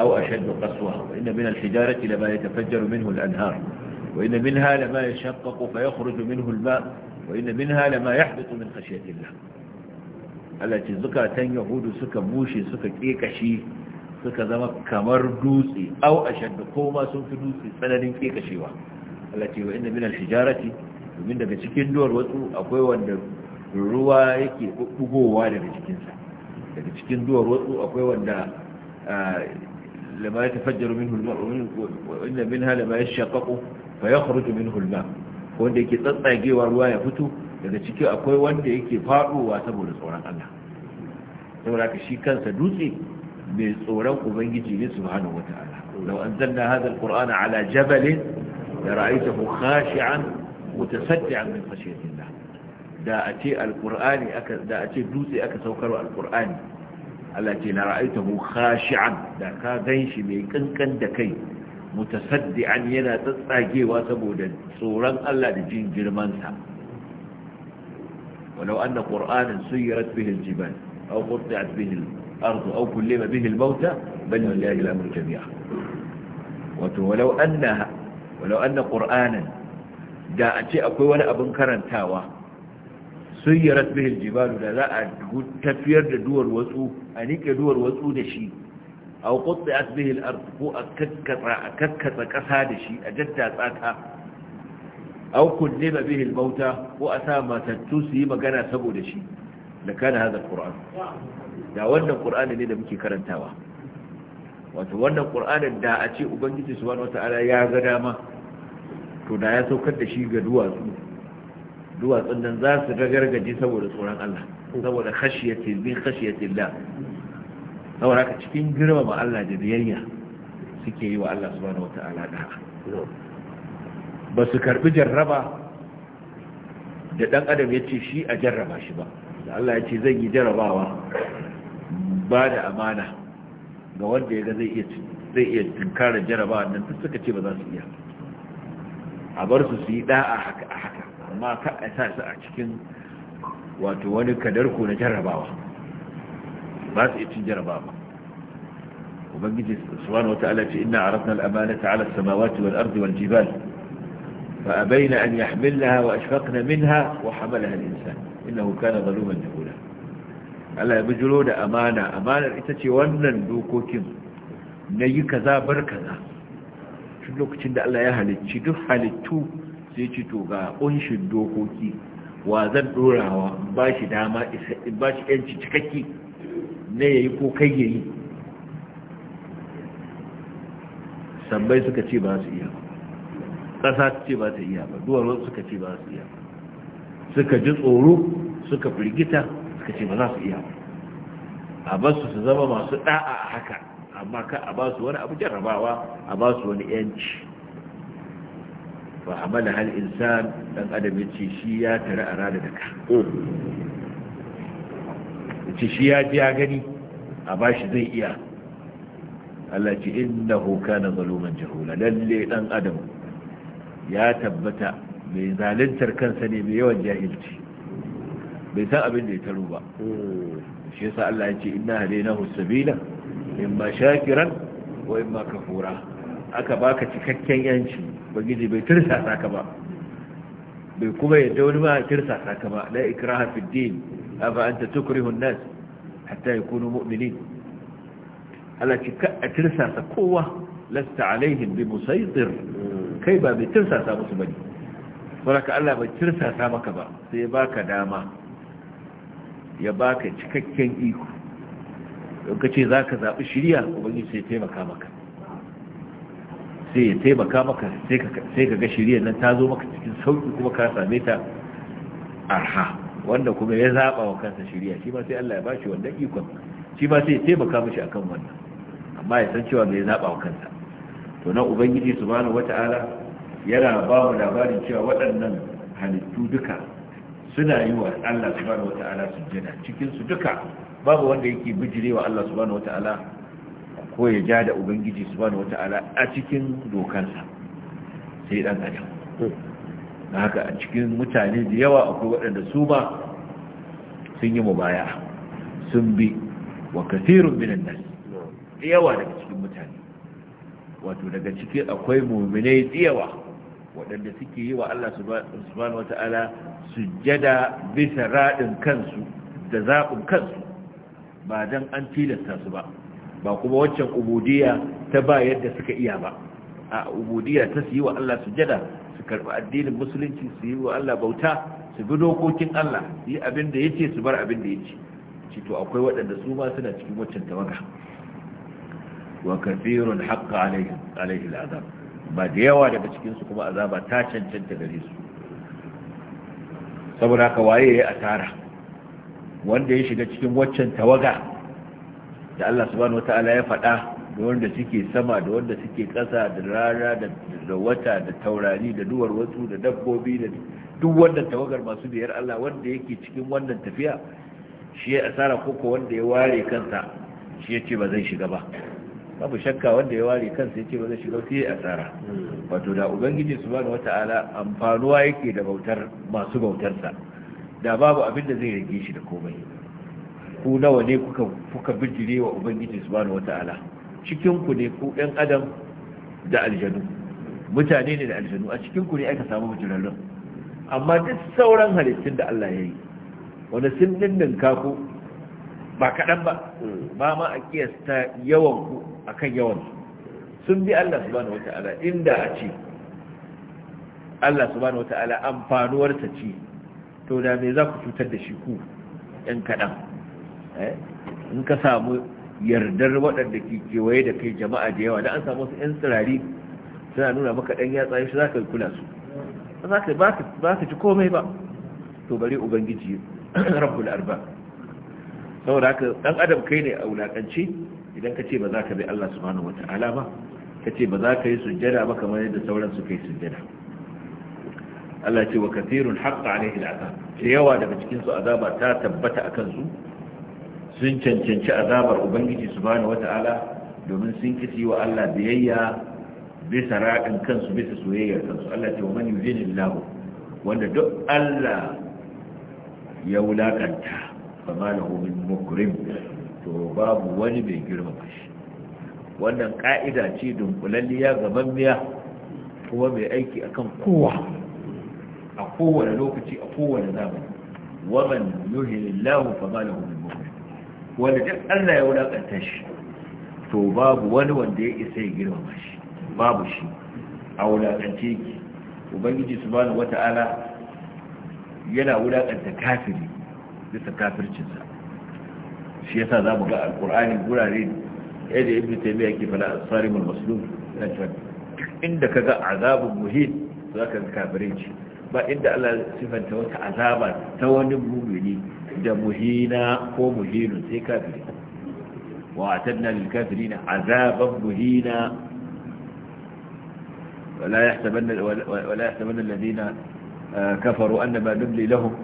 أو أشد قسوة وإن من الحجارة لما يتفجر منه الأنهار وإن منها لما يشقق فيخرج منه الماء وإن منها لما يحبط من خشية الله التي زكاة يهود سكا موشي سكا كيكشي سكا زمك كمر دوسي أو أشد كوما سنف دوسي سنن كيكشيوا التي وإن من الحجارة ومن دقى تكين دور وطو أقوي وأن الروا يكي أقوى دقى تكين سا دقى تكين دور وطو أقوي وأن لما يتفجر منه الماء وإن منها لما يشقق فيخرج منه الماء wanda yake tsatsagewa ruwa ya fito daga ciki akwai wanda yake faɗowa saboda tsoron Allah saboda ka shi kansa dutse mai tsoron ubangiji ne subhanahu wata'ala law anzalna hadha alqur'ana ala jabalin la ra'aytahu khashi'an mutasaddian min khashyatillah da a ce alqur'ani aka da a ce dutse aka saukarwa alqur'ani Allah ce la ra'aitahu khashi'an da ka ganshi mai kankan da kai mutasaddian yana tsatsagewa saboda tsoron Allah da jin girman sa walau anna qur'anan suyirat bihi al-jibal aw qutti'at bihi al-ard aw kullima bihi al-mauta bal lillahi al-amru jami'a wato da a ce akwai wani abin karantawa sayyarat bihi aljibalu da za a tafiyar da duwar watsu, a rike duwar watsu da shi aw qutti'at bihi al-ard ko a kakkatsa a kasa da shi a daddatsa tsaka, aw kulliba bihi al ko a sa matattu su yi magana saboda shi da kana hada qur'an da wannan qur'ani ne da muke karantawa wato wannan qur'anin da a ce ubangiji subhanahu wataala ya ga dama to da ya saukar da shi ga duwatsu duwatsun nan za su gagargaje saboda tsoron Allah saboda khashiyati bi khashiyati Allah saboda haka cikin girmama Allah da biyayya suke yi wa Allah subhanahu wata'ala da ba su karbi jarraba da dan adam ya ce shi a jarraba shi ba da Allah ya ce zan yi jarrabawa ba da amana ga wanda ya ga zai iya zai iya tunkarar jarrabawa nan duk suka ce ba za su iya a bar su su yi da'a a haka amma ka a sa su a cikin wato wani kadarku na jarrabawa ba su cin jarrabawa ubangiji su subhanahu wataala ce inna arafna al-amanata ala as-samawati wal ardi wal jibal fa a abayna an yi hamilla wa ashfaqna minha wa hamalaha al-insan innahu kana zaluman jahula Allah ya bijiro da amana amanar ita ce wannan dokokin na yi kaza bar kaza tun lokacin da Allah ya halicci duk halittu sai ci to ga ƙunshin dokoki wa zan ɗorawa ba shi dama in ba shi ‘yanci cikakki na ya yi ko kai ya yi sambai suka ce ba su iya ba ƙasa ce ba ta iya ba duwarwar suka ce ba su iya ba suka ji tsoro suka firgita suka ce ba za su iya a basu su zama masu ɗa'a a haka amma ka a basu wani abu jarrabawa a basu wani yanci Wa amala hal insan dan adam ce shi ya tare a rana da ka yace shi ya ji ya gani a bashi zai iya Allah ce innahu kana zaluman jahula lalle dan adam ya tabbata mai zaluntar kansa ne mai yawan jahilci bai san abin da ya taro ba hmm. shi yasa Allah ya ce inna hadainahu in ma shakiran wa imma kafura aka baka cikakken yanci bagiji bai tirsa saka ba bai kuma yadda wani ba tirsa saka ba na ikraha fi din afa anta tukrihu an-nas hatta yakunu mu'minin cika a tirsa tirsasa kowa lasta alaihim bi musaytir kai ba bai tirsasa musu bane saboda Allah bai tirsasa maka ba sai ya baka dama ya baka cikakken iko lokaci zaka zabi shiriya ubangiji sai taimaka maka sai ya taimaka maka sai ka ga shirya nan ta zo maka cikin sauki kuma ka same ta arha wanda kuma ya zaɓa wa kansa shirya, shi ma sai Allah ya bashi wannan ikon shi ma sai ya taimaka mishi akan wannan amma ya san cewa mai zaɓa wa kansa to nan ubangiji subhanahu wata'ala yana ba mu labarin cewa waɗannan halittu duka suna yi wa Allah subhanahu wata'ala sujjada cikin su duka babu wanda yake bijirewa Allah subhanahu wata'ala ko ya ja da ubangiji su wata wata'ala a cikin dokansa sai dan adam na haka a cikin mutane da yawa akwai waɗanda su ba sun yi mubaya sun bi wa kathirun minan nas yawa daga cikin mutane wato daga cikin akwai mu'minai tsiyawa waɗanda suke yi wa Allah subhanahu ta'ala sujjada bisa raɗin kansu da zaɓin kansu ba don an tilasta su ba ba kuma waccan ubudiyya ta ba yadda suka iya ba a ubudiyya ta su yi wa Allah sujada su karɓi addinin musulunci su yi wa Allah bauta su bi dokokin Allah su yi abin da ce, su bar abin da ce. ci to akwai waɗanda su ma suna cikin waccan tawaga wa kafirun haqqa alaihi alaihi al'azab ba da yawa daga cikin su kuma azaba ta cancanta gare su saboda haka waye ya asara wanda ya shiga cikin waccan tawaga da Allah subhanahu ta'ala ya faɗa da wanda suke sama da wanda suke ƙasa da rana da wata da taurari da duwar wasu da dabbobi da duk wanda tawagar masu biyar Allah wanda yake cikin wannan tafiya shi ya asara koko wanda ya ware kansa shi ya ce ba zai shiga ba babu shakka wanda ya ware kansa ya ce ba zai shiga sai ya asara wato da ubangiji subhanahu ta'ala amfanuwa yake da bautar masu bautarsa da babu abin da zai rage shi da komai ku nawa ne kuka kuka bijire wa ubangiji subhanahu wataala cikin ku ne ku ɗan adam da aljanu mutane ne da aljanu a cikin ku ne aka samu bijirarrun amma duk sauran halittun da Allah ya yi wanda sun ninninka ku ba kaɗan ba ba ma a kiyasta yawan ku akan yawan sun bi Allah subhanahu wataala inda a ce Allah subhanahu wataala ta ce to da me za ku cutar da shi ku ɗan kaɗan Eh? in ka samu yardar waɗanda ke kewaye da kai jama'a da yawa da an samu wasu 'yan tsirari suna nuna maka ɗan yatsa shi za ka kula su ba ka ci komai ba to bari ubangiji rabbul arba saboda haka ɗan adam kai ne a wulaƙance idan ka ce ba za ka bi Allah su subhanahu wata'ala ba ka ce ba za ka yi sujjada ba kamar yadda sauran su kai sujjada Allah ce wa kathirun haqqa alaihi al'azab da yawa daga cikin su azaba ta tabbata akan su sun cancanci azabar ubangiji su subhanahu wata'ala domin sun kisi wa Allah biyayya bisa raɗin kansu bisa soyayyar kansu Allah ce wa mani yuzini lahu wanda duk Allah ya wulaƙanta fa ma lahu min mukrim to babu wani mai girma shi wannan ka'ida ce dunkulalliya gamammiya kuma mai aiki akan kowa a kowane lokaci a kowane zamani waman yuhilillahu fa ma lahu min mukrim wanda duk Allah ya wulakanta shi to babu wani wanda ya isa ya girmama shi babu shi a wulakance ki ubangiji subhanahu wata'ala yana wulakanta kafiri bisa kafircinsa shi yasa za mu ga alkur'ani gurare ɗaya da ibn taymiya ke fara asfarim al-maslum na cewa inda kaga azabun muhin za ka kafirai ce ba inda Allah sifanta wata azaba ta wani mumini da muhina ko muhinun sai kafiri wa atanna lil kafirina azaban muhina wala yahtabanna wala yahtabanna alladhina uh, kafaru annama nubli lahum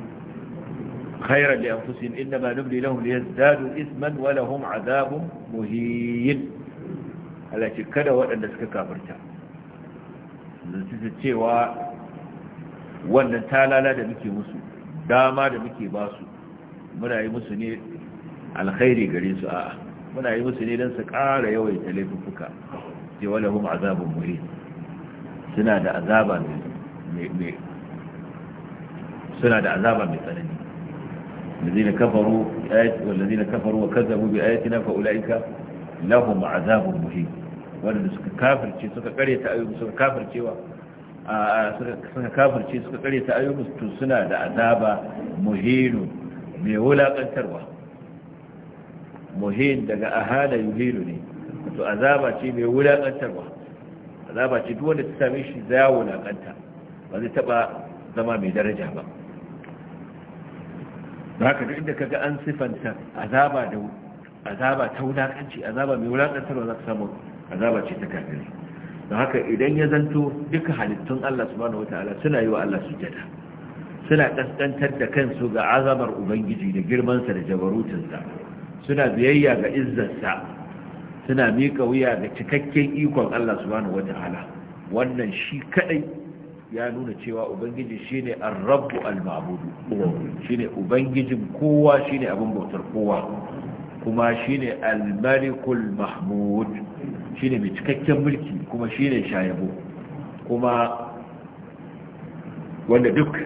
خيرا da, إنما نبلي لهم ليزدادوا إثما ولهم عذاب مهين على شكرا وأن نسك كافرتا cewa wannan talala da muke musu dama da muke basu muna yi musu ne alkhairi gare su a muna yi musu ne don su ƙara yawaita laifuffuka ce wale hun azabin muri suna da azaba mai suna da azaba mai tsanani الذين كفروا بآيات والذين كفروا وكذبوا بآياتنا فأولئك لهم عذاب مهين wadanda suka kafirce suka kare ta ayyukan suka kafircewa suka kafirce suka kare ta to suna da azaba muhinu mai wulaƙantarwa muhin daga ahana yuhilu ne to azaba ce mai wulaƙantarwa azaba ce duk wanda ta sami shi za wulaƙanta ba zai taɓa zama mai daraja ba Ba ka duk inda kaga an sifanta azaba da azaba ta wulaƙanci, azaba mai wulaƙantarwa za ka samu azaba ce ta kafiri don haka idan ya zanto duka halittun Allah subhanahu wataala suna yi wa Allah sujada suna kaskantar da kansu ga azamar ubangiji da girmansa da jabarutinsa suna biyayya ga izzarsa suna miƙa wuya ga cikakken ikon Allah subhanahu wata'ala wannan shi kaɗai ya nuna cewa ubangiji shine ar-rabbu al-ma'budu ubangijin kowa ne abin bautar kowa kuma shine al-malikul mahmud ne mai cikakken mulki kuma ne shayabo kuma wanda duk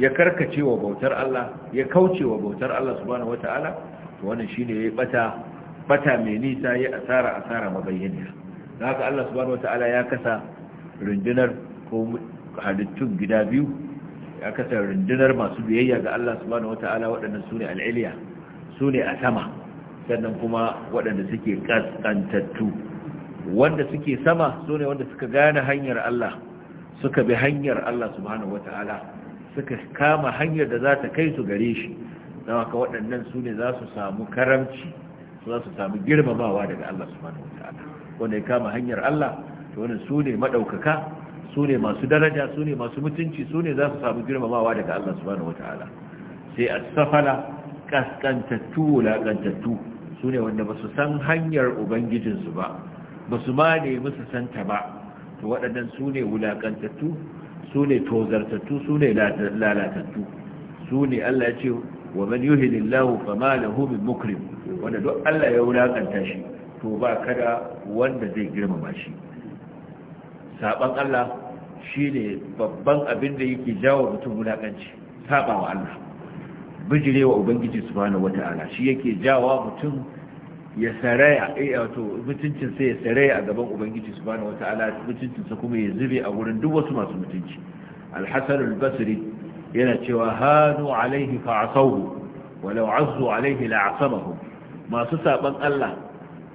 ya karkace wa bautar Allah ya kauce wa bautar Allah subhanahu wata'ala to wannan shine yayi bata bata mai nisa yayi asara asara mabayyana haka Allah subhanahu wata'ala ya kasa rundunar ko halittun gida biyu ya kasa rundunar masu biyayya ga Allah subhanahu wata'ala waɗannan sune al'iliya sune a sama sannan kuma waɗanda suke kaskantattu wanda suke sama sune wanda suka gane hanyar Allah suka bi hanyar Allah subhanahu wata'ala suka kama hanyar da za ta kai su gare shi don haka waɗannan su ne za su samu karamci za su samu girmamawa daga Allah subhanahu wata'ala wanda ya kama hanyar Allah to wannan su ne maɗaukaka su ne masu daraja su ne masu mutunci su ne za su samu girmamawa daga Allah subhanahu wata'ala sai a safala kaskantattu wulaƙantattu su ne wanda ba su san hanyar ubangijinsu ba ba su ma nemi su santa ba to waɗannan su ne wulaƙantattu su ne tozartattu su ne lalatattu su ne Allah ya ce wa man yuhinillahu fama lahu min mukrim wanda duk Allah ya wulakanta shi to ba kada wanda zai girmama shi saban Allah shine babban abin da yake jawo mutum wulakanci sabawa Allah bijirewa ubangiji subhanahu wataala shi yake jawo mutum ya saraya eh, wato mutuncin sai ya saraya a gaban ubangiji subhanahu wataala mutuncin sa kuma ya zube a wurin duk wasu masu mutunci al-hasan al-basri yana cewa hanu alaihi fa'asawhu walau azzu alaihi la'asamahu masu saban Allah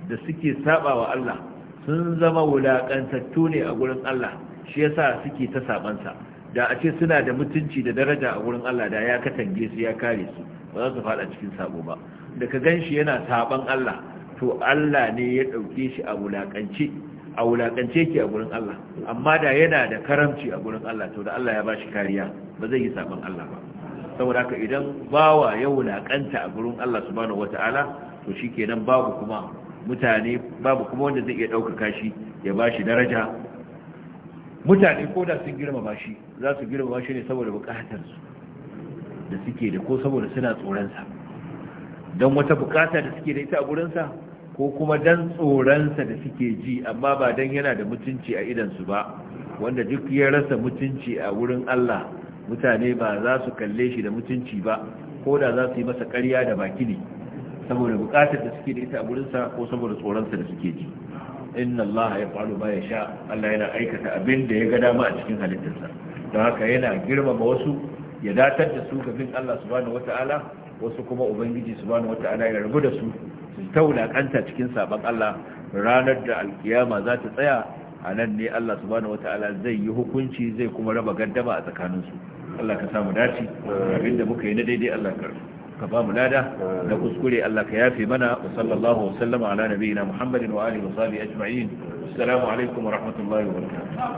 da suke sabawa Allah sun zama wulakantattu ne a gurin Allah shi yasa suke ta sabansa da a ce suna da mutunci da daraja a gurin Allah da ya katange su ya kare su ba za su faɗa cikin sabo ba da ka gan shi yana saban Allah to Allah ne ya ɗauke shi a wulaƙance a wulaƙance ki a gurin Allah amma da yana da karamci a gurin Allah to da Allah ya ba shi kariya ba zai yi saban Allah ba saboda haka idan bawa ya wulaƙanta a gurin Allah subhanahu wata'ala to shikenan babu kuma mutane babu kuma wanda zai iya ɗaukaka shi ya ba shi daraja mutane ko da sun girmama shi za su girmama shi ne saboda buƙatarsu da suke da ko saboda suna tsoronsa don wata bukata da suke da ita a gurinsa ko kuma don tsoronsa da suke ji amma ba don yana da mutunci a idansu ba wanda duk ya rasa mutunci a wurin Allah mutane ba za su kalle shi da mutunci ba ko da za su yi masa ƙarya da baki ne saboda bukatar da suke da ita a gurinsa ko saboda tsoronsa da suke ji inna Allah ya faru ba ya sha Allah yana aikata abin da ya ga dama a cikin halittarsa don haka yana girmama wasu ya datar da su ga bin Allah subhanahu wataala wasu kuma ubangiji su bani wata wata'ala ya rabu da su su taulakanta cikin saban Allah ranar da alkiyama za ta tsaya a nan ne Allah su bani wata ala zai yi hukunci zai kuma raba gaddama a tsakaninsu Allah ka samu dace abinda muka yi na daidai Allah ka ka ba mu lada da kuskure Allah ka yafe mana wa sallallahu wa sallama ala nabiyina Muhammadin wa alihi wa sahbihi ajma'in assalamu alaikum wa rahmatullahi wa barakatuh